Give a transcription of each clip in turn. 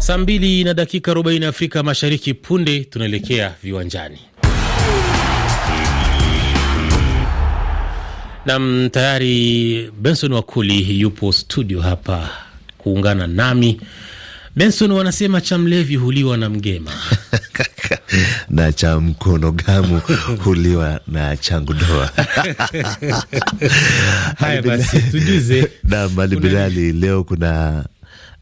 Saa mbili na dakika 40 Afrika Mashariki. Punde tunaelekea viwanjani. Nam tayari Benson Wakuli yupo studio hapa kuungana nami. Benson, wanasema cha mlevi huliwa na mgema na cha mkono gamu huliwa na changu doa. Haya basi, tujuze. nam Ali Bilali, leo kuna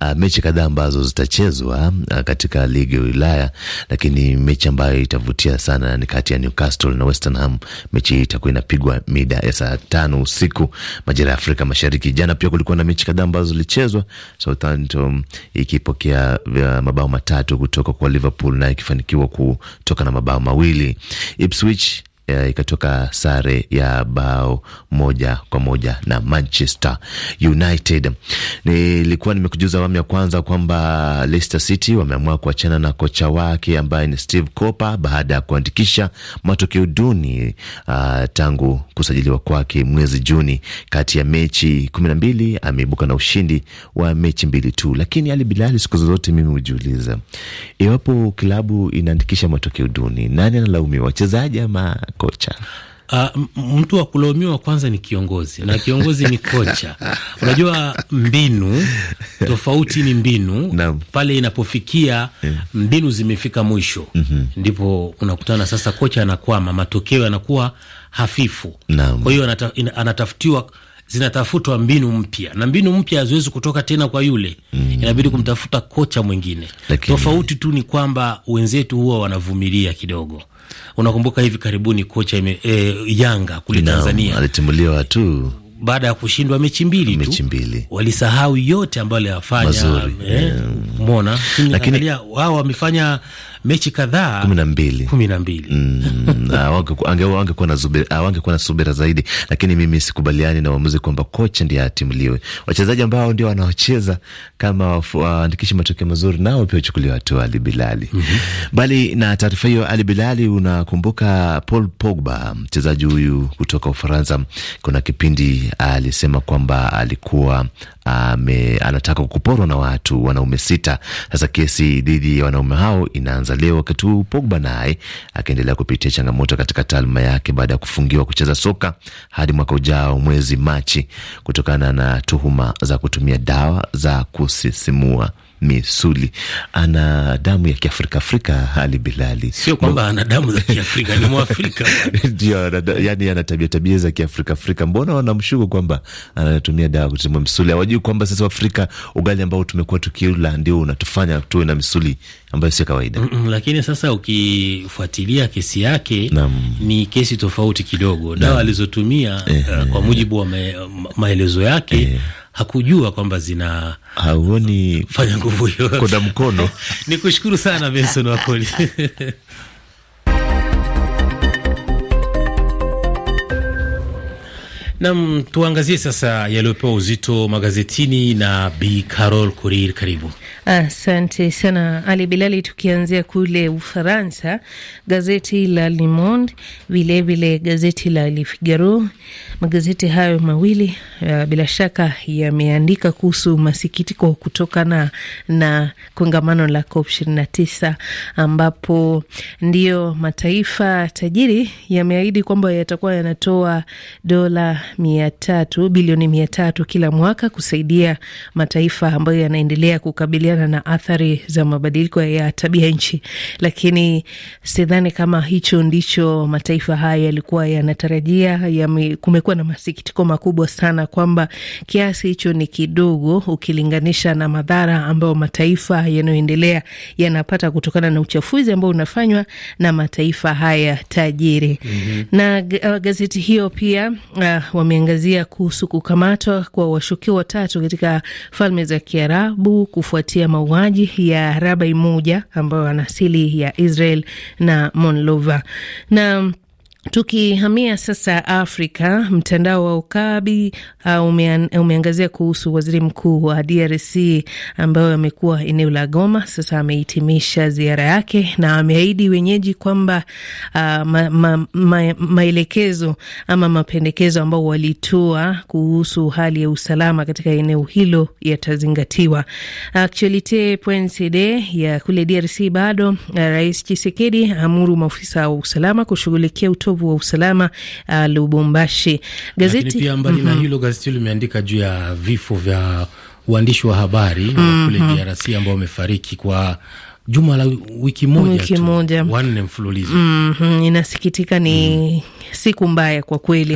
uh, mechi kadhaa ambazo zitachezwa uh, katika ligi ya Ulaya, lakini mechi ambayo itavutia sana ni kati ya Newcastle na West Ham. Mechi hii itakuwa inapigwa mida ya saa tano usiku majira ya Afrika Mashariki. Jana pia kulikuwa na mechi kadhaa ambazo zilichezwa, Southampton ikipokea ah, mabao matatu kutoka kwa Liverpool na ikifanikiwa kutoka na mabao mawili. Ipswich eh, ikatoka sare ya bao moja kwa moja na Manchester United. Nilikuwa nimekujuza awamu ya kwanza kwamba Leicester City wameamua kuachana na kocha wake ambaye ni Steve Cooper baada ya kuandikisha matokeo duni uh, tangu kusajiliwa kwake mwezi Juni. Kati ya mechi kumi na mbili ameibuka na ushindi wa mechi mbili tu, lakini Ali Bilali, siku zozote mimi hujiuliza iwapo klabu inaandikisha matokeo duni, nani analaumiwa, wachezaji ama kocha? Uh, mtu wa kulaumiwa kwanza ni kiongozi na kiongozi ni kocha. Unajua, mbinu tofauti ni mbinu no. Pale inapofikia eh. mbinu zimefika mwisho mm -hmm. Ndipo unakutana sasa, kocha anakwama, matokeo yanakuwa hafifu no. Kwa hiyo anata, anatafutiwa zinatafutwa mbinu mpya na mbinu mpya haziwezi kutoka tena kwa yule mm. Inabidi kumtafuta kocha mwingine. Tofauti tu ni kwamba wenzetu huwa wanavumilia kidogo Unakumbuka hivi karibuni kocha ime, e, Yanga kule Tanzania alitimuliwa tu baada ya kushindwa mechi mbili tu, walisahau yote ambayo aliyafanya. Mona, eh, lakini wao wamefanya mechi kadhaa kumi na mbili kumi na mbili mm, ah, ah, wangekuwa na subira, zaidi, lakini mimi sikubaliani na uamuzi kwamba kocha ndiye atimuliwe. Wachezaji ambao ndio wanaocheza kama waandikishi matokeo mazuri, nao pia wachukuliwa hatua. Ali Bilali mm -hmm. Bali na taarifa hiyo, Ali Bilali, unakumbuka Paul Pogba, mchezaji huyu kutoka Ufaransa, kuna kipindi alisema kwamba alikuwa ame, anataka kuporwa na watu wanaume sita. Sasa kesi dhidi ya wanaume hao inaanza leo, wakati huu Pogba naye akiendelea kupitia changamoto katika taaluma yake baada ya kufungiwa kucheza soka hadi mwaka ujao mwezi Machi kutokana na tuhuma za kutumia dawa za kusisimua misuli. Ana damu ya kiafrika Afrika Ali Bilali, sio kwamba ana damu za Kiafrika, ni Mwafrika ndio, yani ana tabia tabia za Kiafrika Afrika. Mbona wanamshuku kwamba anatumia dawa kutimua misuli? Hawajui kwamba sasa Afrika ugali ambao tumekuwa tukiula ndio unatufanya tuwe na misuli ambayo sio kawaida. mm -mm, lakini sasa ukifuatilia kesi yake ni kesi tofauti kidogo, dawa alizotumia eh, uh, kwa mujibu wa maelezo yake eh hakujua kwamba zina hauoni fanya nguvu hiyo. kwa mkono. Nikushukuru sana Benson Wakoli. Nam, tuangazie sasa yaliyopewa uzito magazetini na Bi Carol Kurir. Karibu. Asante sana Ali Bilali. Tukianzia kule Ufaransa, gazeti la Le Monde, vilevile gazeti la Le Figaro. Magazeti hayo mawili ya bila shaka yameandika kuhusu masikitiko kutokana na kongamano la COP 29 ambapo ndiyo mataifa tajiri yameahidi kwamba yatakuwa yanatoa dola mia tatu bilioni mia tatu kila mwaka kusaidia mataifa ambayo yanaendelea kukabiliana na athari za mabadiliko ya tabia nchi, lakini sidhani kama hicho ndicho mataifa haya yalikuwa yanatarajia. Ya kumekuwa na masikitiko makubwa sana kwamba kiasi hicho ni kidogo ukilinganisha na madhara ambayo mataifa yanayoendelea yanapata kutokana na uchafuzi ambao unafanywa na mataifa haya tajiri. mm -hmm. Na uh, gazeti hiyo pia uh, wameangazia kuhusu kukamatwa kwa washukiwa watatu katika Falme za Kiarabu kufuatia mauaji ya rabai moja ambayo ana asili ya Israel na Monlova na Tukihamia sasa Afrika, mtandao wa Ukabi uh, umean, umeangazia kuhusu waziri mkuu wa DRC ambayo amekuwa eneo la Goma. Sasa amehitimisha ziara yake na ameahidi wenyeji kwamba uh, ma, ma, ma, maelekezo ama mapendekezo ambao walitoa kuhusu hali ya usalama katika eneo hilo yatazingatiwa. Actualite CD ya kule DRC bado uh, Rais Chisekedi amuru maafisa wa usalama kushughulikia uto utovu wa usalama uh, Lubumbashi. Gazeti pia mbali mm -hmm. na mhm. hilo gazeti limeandika juu ya vifo vya uandishi wa habari mm -hmm. kule mhm. DRC ambao wamefariki kwa juma la wiki moja tu, wanne mfululizo. mm -hmm. Inasikitika ni mm siku mbaya kwa kweli.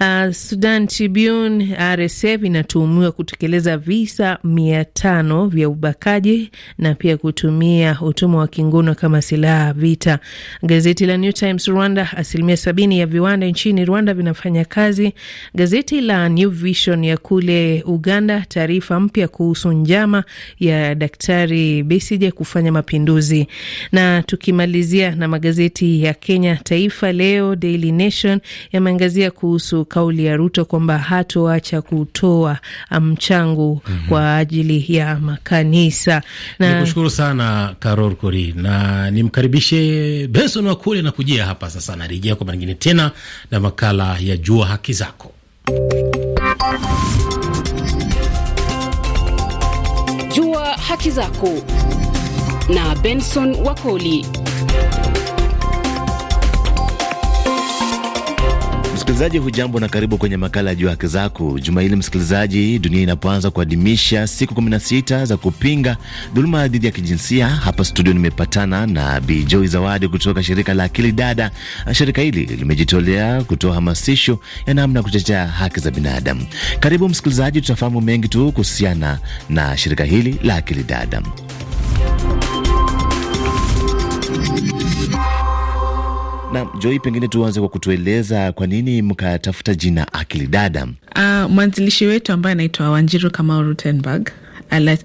Uh, Sudan Tribune, RSF inatuhumiwa kutekeleza visa mia tano vya ubakaji na pia kutumia utumwa wa kingono kama silaha vita. Gazeti la New Times Rwanda, asilimia sabini ya viwanda nchini Rwanda vinafanya kazi. Gazeti la New Vision ya kule Uganda, taarifa mpya kuhusu njama ya Daktari Besigye kufanya mapinduzi. Na tukimalizia na magazeti ya Kenya, Taifa Leo, Daily Nation Nation yameangazia kuhusu kauli ya Ruto kwamba hatoacha kutoa um, mchango mm -hmm. kwa ajili ya makanisa. Na... kushukuru sana Carol Kori na nimkaribishe Benson Wakule na kujia hapa sasa, anarejea kwa mara nyingine tena na makala ya Jua Haki Zako. Jua Haki Zako na Benson Wakoli. Msikilizaji hujambo na karibu kwenye makala ya Jua Haki Zako. Juma hili msikilizaji, dunia inapoanza kuadhimisha siku 16 za kupinga dhuluma dhidi ya kijinsia, hapa studio nimepatana na Bi Joy Zawadi kutoka shirika la Akili Dada. Shirika hili limejitolea kutoa hamasisho ya namna ya kutetea haki za binadamu. Karibu msikilizaji, tutafahamu mengi tu kuhusiana na shirika hili la Akili Dada. Na Joi, pengine tuanze kwa kutueleza kwa nini mkatafuta jina Akili Dada. Uh, mwanzilishi wetu ambaye anaitwa Wanjiru Kamau Rutenberg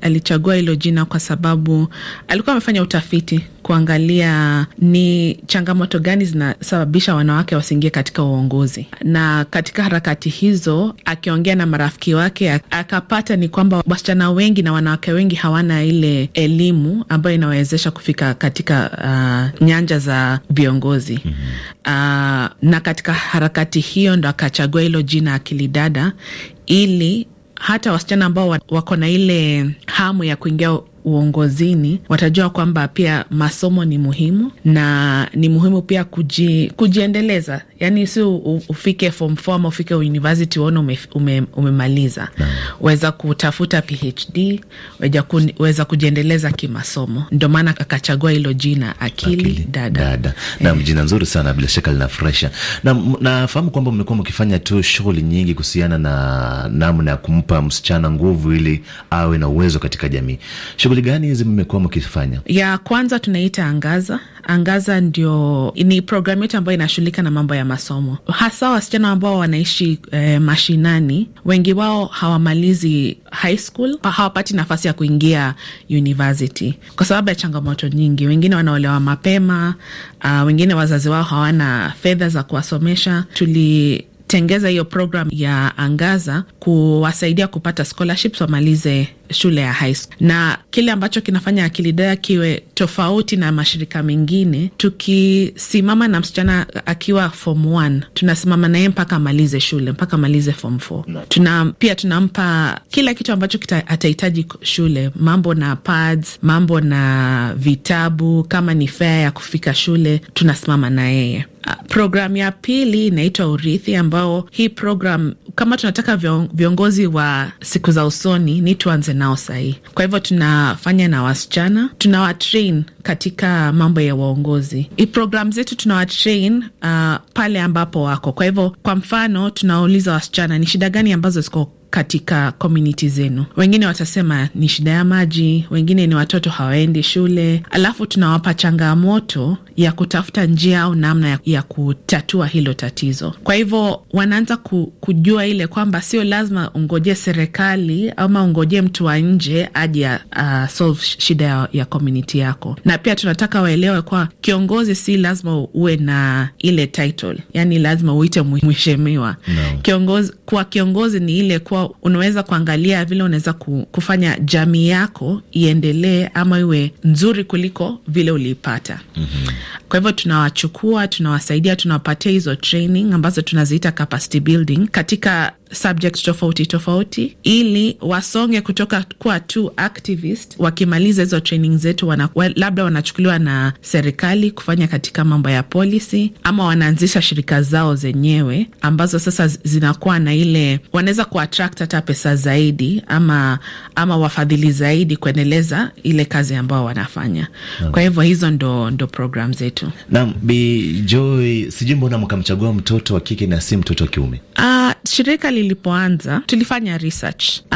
alichagua hilo jina kwa sababu alikuwa amefanya utafiti kuangalia ni changamoto gani zinasababisha wanawake wasiingie katika uongozi, na katika harakati hizo akiongea na marafiki wake akapata ni kwamba wasichana wengi na wanawake wengi hawana ile elimu ambayo inawezesha kufika katika uh, nyanja za viongozi mm -hmm. uh, na katika harakati hiyo ndo akachagua hilo jina Akili Dada ili hata wasichana ambao wako na ile hamu ya kuingia uongozini watajua kwamba pia masomo ni muhimu na ni muhimu pia kuji, kujiendeleza. Yani si ufike form four ama ufike university uone ume, ume, umemaliza no. Weza kutafuta PhD, weza kujiendeleza kimasomo. Ndio maana akachagua hilo jina akili, akili dada, dada. Nam eh. jina nzuri sana bila shaka linafresha. Nafahamu na kwamba mmekuwa mkifanya tu shughuli nyingi kuhusiana na namna ya kumpa msichana nguvu ili awe na uwezo katika jamii Shum shughuli gani mmekuwa mkifanya? Ya kwanza tunaita Angaza. Angaza ndio ni programu yetu ambayo inashughulika na mambo ya masomo, hasa wasichana ambao wanaishi eh, mashinani. Wengi wao hawamalizi high school, hawapati nafasi ya kuingia university kwa sababu ya changamoto nyingi. Wengine wanaolewa mapema, uh, wengine wazazi wao hawana fedha za kuwasomesha. Tulitengeza hiyo programu ya Angaza kuwasaidia kupata scholarships wamalize shule ya high school. Na kile ambacho kinafanya Akili kiwe tofauti na mashirika mengine, tukisimama na msichana akiwa form 1 tunasimama naye mpaka amalize shule, mpaka amalize form 4. Tuna pia tunampa kila kitu ambacho atahitaji shule, mambo na pads, mambo na vitabu, kama ni fea ya kufika shule, tunasimama na yeye. Ah, Programu ya pili inaitwa Urithi, ambao hii program kama tunataka vion, viongozi wa siku za usoni ni tuanze nao sahii. Kwa hivyo tunafanya na wasichana, tunawatrain katika mambo ya uongozi. Program zetu tunawatrain uh, pale ambapo wako. Kwa hivyo, kwa mfano tunauliza wasichana ni shida gani ambazo ziko katika komuniti zenu. Wengine watasema ni shida ya maji, wengine ni watoto hawaendi shule, alafu tunawapa changamoto ya kutafuta njia au namna ya, ya kutatua hilo tatizo. Kwa hivyo wanaanza ku, kujua ile kwamba sio lazima ungojee serikali ama ungojee mtu wa nje aje uh, solve shida ya, ya komuniti yako. Na pia tunataka waelewe kwa kiongozi si lazima uwe na ile title, yani lazima uite mheshimiwa. No. Kiongozi, kuwa kiongozi ni ile kuwa unaweza kuangalia vile unaweza kufanya jamii yako iendelee ama iwe nzuri kuliko vile uliipata. mm -hmm. Kwa hivyo tunawachukua, tunawasaidia, tunawapatia hizo training ambazo tunaziita capacity building katika tofauti tofauti, ili wasonge kutoka kuwa tu activist. Wakimaliza hizo training zetu wana, labda wanachukuliwa na serikali kufanya katika mambo ya policy, ama wanaanzisha shirika zao zenyewe ambazo sasa zinakuwa na ile, wanaweza kuattract hata pesa zaidi ama, ama wafadhili zaidi kuendeleza ile kazi ambao wanafanya no. Kwa hivyo hizo ndo, ndo program zetu. Naam, Bi Joy, sijui mbona mkamchagua mtoto wa kike na si mtoto wa kiume? Uh, shirika lilipoanza tulifanya research uh,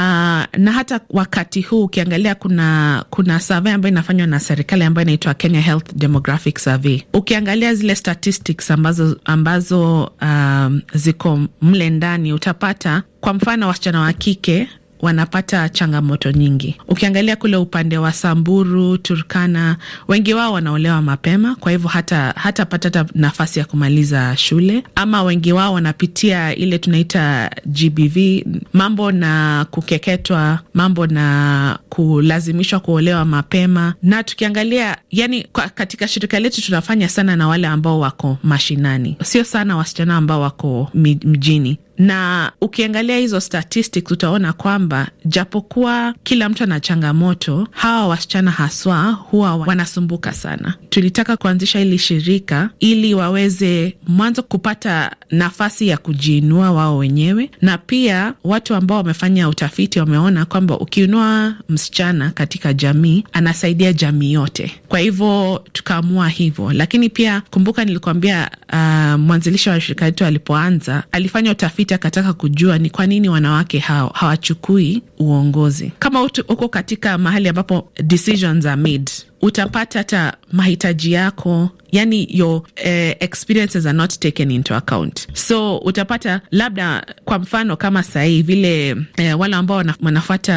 na hata wakati huu ukiangalia, kuna kuna survey ambayo inafanywa na serikali ambayo inaitwa Kenya Health Demographic Survey. Ukiangalia zile statistics ambazo, ambazo um, ziko mle ndani utapata kwa mfano wasichana wa kike wanapata changamoto nyingi. Ukiangalia kule upande wa Samburu, Turkana, wengi wao wanaolewa mapema, kwa hivyo hata hatapata nafasi ya kumaliza shule, ama wengi wao wanapitia ile tunaita GBV, mambo na kukeketwa, mambo na kulazimishwa kuolewa mapema. Na tukiangalia yani, kwa katika shirika letu tunafanya sana na wale ambao wako mashinani, sio sana wasichana ambao wako mjini na ukiangalia hizo statistics utaona kwamba japokuwa kila mtu ana changamoto, hawa wasichana haswa huwa wanasumbuka sana. Tulitaka kuanzisha hili shirika ili waweze mwanzo kupata nafasi ya kujiinua wao wenyewe, na pia watu ambao wamefanya utafiti wameona kwamba ukiinua msichana katika jamii anasaidia jamii yote. Kwa hivyo tukaamua hivyo, lakini pia kumbuka nilikuambia, uh, mwanzilishi wa shirika letu alipoanza alifanya utafiti Mkamiti akataka kujua ni kwa nini wanawake hao hawachukui uongozi kama utu, uko katika mahali ambapo decisions are made utapata hata mahitaji yako yani your eh, experiences are not taken into account, so utapata labda, kwa mfano kama sahii vile eh, wale ambao wanafuata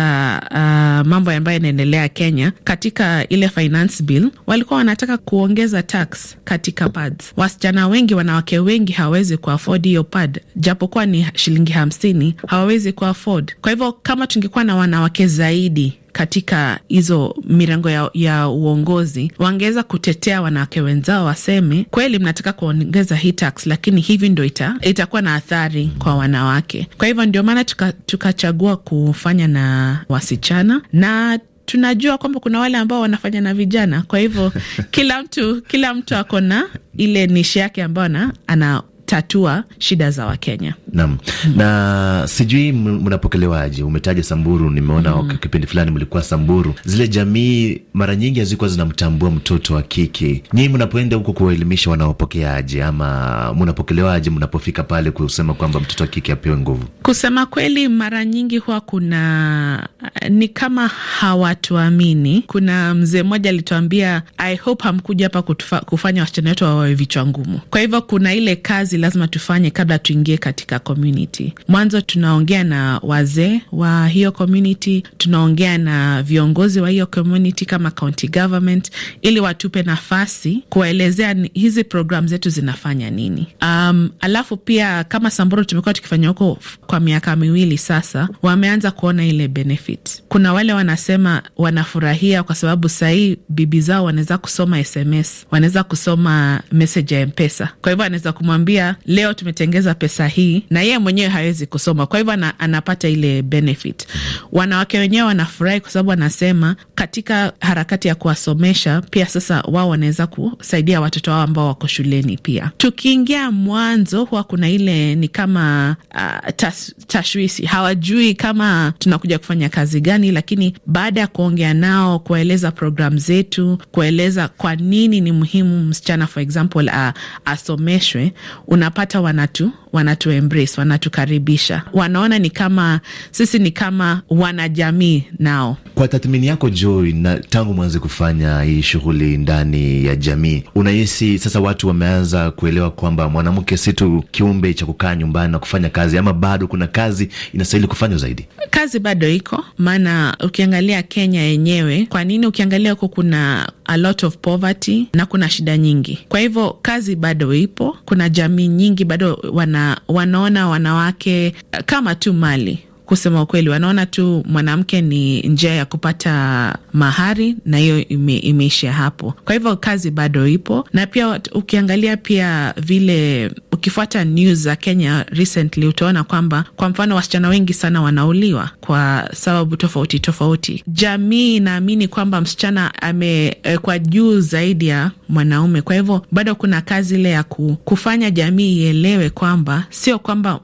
uh, mambo ambayo yanaendelea Kenya katika ile finance bill, walikuwa wanataka kuongeza tax katika pads. Wasichana wengi, wanawake wengi hawawezi kuafod hiyo pad, japokuwa ni shilingi hamsini, hawawezi kuafod Kwa hivyo kama tungekuwa na wanawake zaidi katika hizo mirengo ya, ya uongozi wangeweza kutetea wanawake wenzao, waseme kweli, mnataka kuongeza hii tax, lakini hivi ndo ita, itakuwa na athari kwa wanawake. Kwa hivyo ndio maana tukachagua tuka kufanya na wasichana na tunajua kwamba kuna wale ambao wanafanya na vijana. Kwa hivyo kila mtu kila mtu ako na ile nishi yake ambayo ana tatua shida za Wakenya. Naam, na sijui mnapokelewaje? Umetaja Samburu, nimeona mm. kipindi fulani mlikuwa Samburu. Zile jamii mara nyingi hazikuwa zinamtambua mtoto wa kike. Nyinyi mnapoenda huko kuwaelimisha, wanaopokeaje ama mnapokelewaje mnapofika pale kusema kwamba mtoto wa kike apewe nguvu? Kusema kweli, mara nyingi huwa kuna ni kama hawatuamini. Kuna mzee mmoja alituambia, I hope hamkuja hapa kufanya wasichana wetu wawawe vichwa ngumu. Kwa hivyo kuna ile kazi lazima tufanye kabla tuingie katika community. Mwanzo tunaongea na wazee wa hiyo community, tunaongea na viongozi wa hiyo community kama county government, ili watupe nafasi kuwaelezea hizi program zetu zinafanya nini. Um, alafu pia kama Samburu tumekuwa tukifanya huko kwa miaka miwili sasa, wameanza kuona ile benefit. Kuna wale wanasema wanafurahia kwa sababu sahii bibi zao wanaweza kusoma SMS, wanaweza kusoma meseji ya Mpesa, kwa hivyo anaweza kumwambia leo tumetengeza pesa hii, na yeye mwenyewe hawezi kusoma, kwa hivyo anapata ile benefit. Wanawake wenyewe wanafurahi kwa sababu wanasema katika harakati ya kuwasomesha pia sasa wao wanaweza kusaidia watoto wao ambao wako shuleni pia. Tukiingia mwanzo, huwa kuna ile ni kama uh, tas, tashwishi, hawajui kama tunakuja kufanya kazi gani, lakini baada ya kuongea nao, kuwaeleza programu zetu, kueleza kwa nini ni muhimu msichana for example uh, asomeshwe, unapata wanatu wanatu embrace wanatukaribisha, wanaona ni kama sisi ni kama wanajamii nao. Kwa tathmini yako Joy, na tangu mwanze kufanya hii shughuli ndani ya jamii, unahisi sasa watu wameanza kuelewa kwamba mwanamke si tu kiumbe cha kukaa nyumbani na kufanya kazi, ama bado kuna kazi inastahili kufanywa zaidi? Kazi bado iko, maana ukiangalia Kenya yenyewe, kwa nini ukiangalia huko kuna a lot of poverty na kuna shida nyingi. Kwa hivyo kazi bado ipo, kuna jamii nyingi bado wana, wanaona wanawake kama tu mali kusema ukweli, wanaona tu mwanamke ni njia ya kupata mahari na hiyo ime, imeishia hapo. Kwa hivyo kazi bado ipo, na pia ukiangalia pia vile ukifuata news za Kenya recently utaona kwamba kwa mfano wasichana wengi sana wanauliwa kwa sababu tofauti tofauti. Jamii inaamini kwamba msichana amewekwa eh, juu zaidi ya mwanaume. Kwa hivyo bado kuna kazi ile ya kufanya jamii ielewe kwamba sio kwamba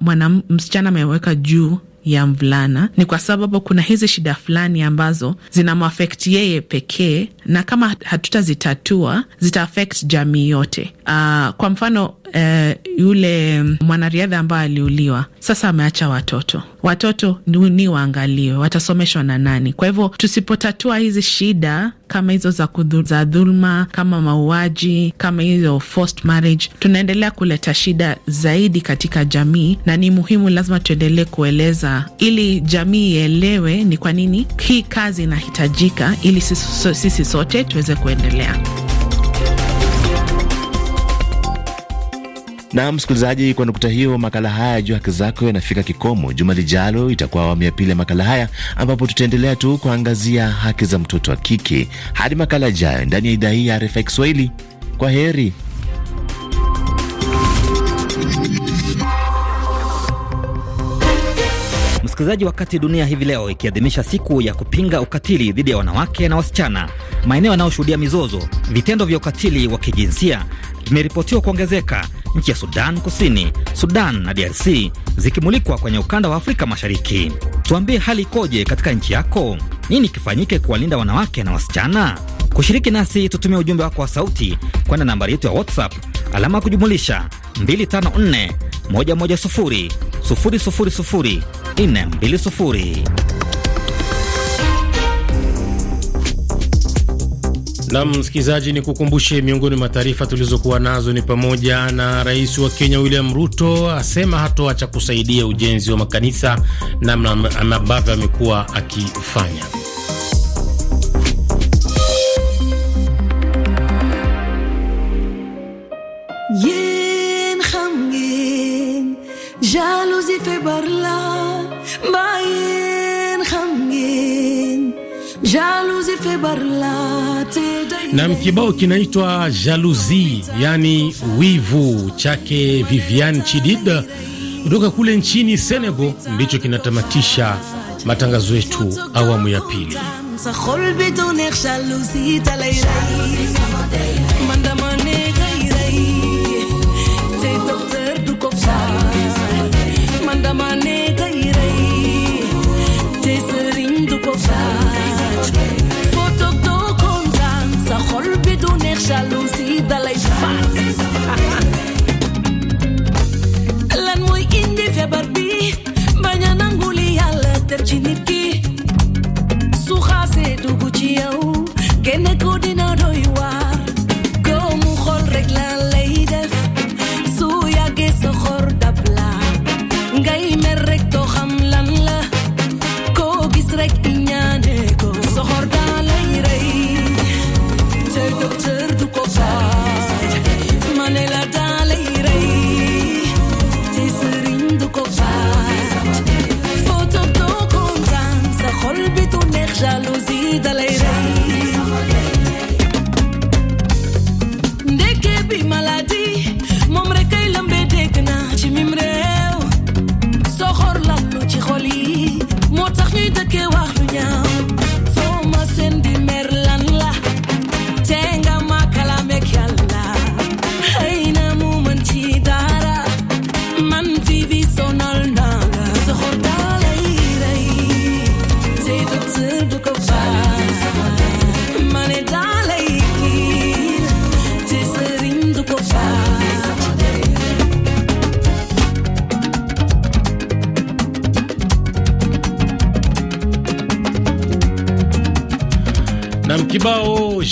msichana amewekwa juu ya mvulana, ni kwa sababu kuna hizi shida fulani ambazo zinamafekti yeye pekee, na kama hatutazitatua zitaafekti jamii yote. Uh, kwa mfano eh, yule mwanariadha ambaye aliuliwa sasa ameacha watoto. Watoto ni waangaliwe, watasomeshwa na nani? Kwa hivyo tusipotatua hizi shida kama hizo za, za dhuluma kama mauaji kama hizo forced marriage, tunaendelea kuleta shida zaidi katika jamii, na ni muhimu, lazima tuendelee kueleza ili jamii ielewe ni kwa nini hii kazi inahitajika, ili sisi sote tuweze kuendelea. Na msikilizaji, kwa nukta hiyo, makala haya juu haki zako yanafika kikomo. Juma lijalo itakuwa awamu ya pili ya makala haya, ambapo tutaendelea tu kuangazia haki za mtoto wa kike. Hadi makala ijayo ndani ya idhaa hii ya RFI Kiswahili, kwa heri. Msikilizaji, wakati dunia hivi leo ikiadhimisha siku ya kupinga ukatili dhidi ya wanawake na wasichana, maeneo yanayoshuhudia mizozo, vitendo vya ukatili wa kijinsia vimeripotiwa kuongezeka nchi ya Sudan Kusini, Sudan na DRC zikimulikwa kwenye ukanda wa Afrika Mashariki. Tuambie hali ikoje katika nchi yako? Nini kifanyike kuwalinda wanawake na wasichana? Kushiriki nasi, tutumie ujumbe wako wa sauti kwenda nambari yetu ya WhatsApp alama ya kujumulisha 254 110 000 420. nam msikilizaji, ni kukumbushe miongoni mwa taarifa tulizokuwa nazo ni pamoja na rais wa Kenya William Ruto asema hatoacha kusaidia ujenzi wa makanisa namna ambavyo amekuwa akifanya. na mkibao kinaitwa jaluzi, yani wivu, chake Vivian Chidid kutoka kule nchini Senegal, ndicho kinatamatisha matangazo yetu awamu ya pili.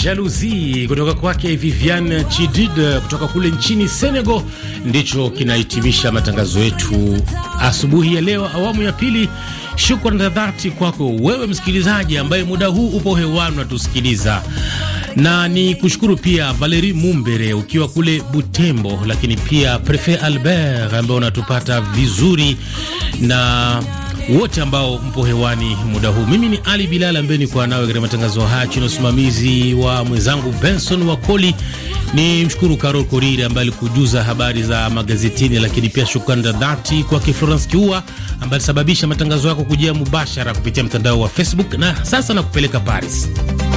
Jalousie kutoka kwake Vivian Chidid kutoka kule nchini Senegal, ndicho kinahitimisha matangazo yetu asubuhi ya leo, awamu ya pili. Shukrani za dhati kwako wewe msikilizaji ambaye muda huu upo hewani unatusikiliza, na ni kushukuru pia Valeri Mumbere ukiwa kule Butembo, lakini pia Prefet Albert ambaye unatupata vizuri na wote ambao mpo hewani muda huu. Mimi ni Ali Bilal ambaye nikuwa nawe katika matangazo haya chini ya usimamizi wa mwenzangu Benson Wakoli. Ni mshukuru Karol Koriri ambaye alikujuza habari za magazetini, lakini pia shukrani za dhati kwake Florence Kiua ambaye alisababisha matangazo yako kujia mubashara kupitia mtandao wa Facebook na sasa nakupeleka Paris.